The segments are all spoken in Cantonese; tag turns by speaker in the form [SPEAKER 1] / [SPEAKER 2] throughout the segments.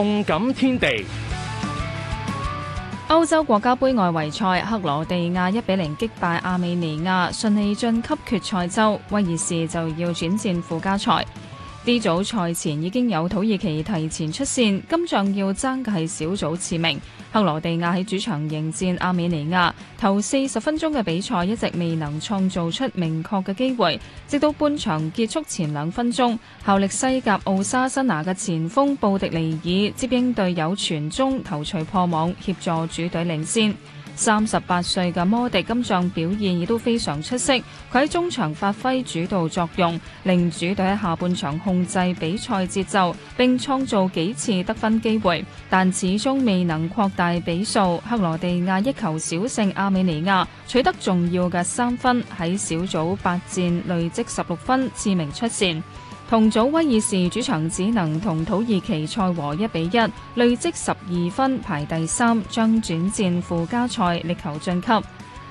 [SPEAKER 1] 動感天地，歐洲國家盃外圍賽，克羅地亞一比零擊敗亞美尼亞，順利晉級決賽周。威爾士就要轉戰附加賽。呢組賽前已經有土耳其提前出線，今仗要爭嘅係小組次名。克羅地亞喺主場迎戰阿美尼亞，頭四十分鐘嘅比賽一直未能創造出明確嘅機會，直到半場結束前兩分鐘，效力西甲奧沙辛拿嘅前鋒布迪尼爾接應隊友傳中，頭槌破網協助主隊領先。三十八歲嘅摩迪金像表現亦都非常出色，佢喺中場發揮主導作用，令主隊喺下半場控制比賽節奏並創造幾次得分機會，但始終未能擴大比數。克羅地亞一球小勝亞美尼亞，取得重要嘅三分，喺小組八戰累積十六分，次名出線。同組威爾士主場只能同土耳其賽和一比一，累積十二分排第三，將轉戰附加賽力求晉級。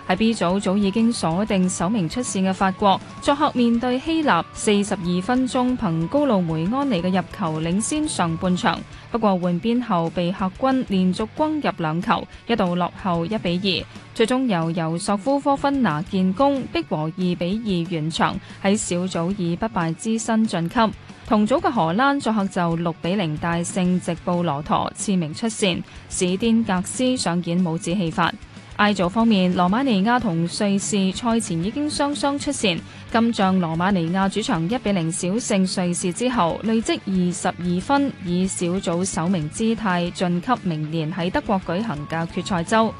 [SPEAKER 1] 喺 B 組早已經鎖定首名出線嘅法國，作客面對希臘，四十二分鐘憑高露梅安尼嘅入球領先上半場，不過換邊後被客軍連續攻入兩球，一度落後一比二。最終由尤索夫科芬拿建功，逼和二比二完場，喺小組以不敗之身晉級。同組嘅荷蘭作客就六比零大勝直布羅陀，次名出線。史甸格斯上演帽子戲法。埃組方面，羅馬尼亞同瑞士賽前已經雙雙出線。今仗羅馬尼亞主場一比零小勝瑞士之後，累積二十二分，以小組首名姿態晉級明年喺德國舉行嘅決賽周。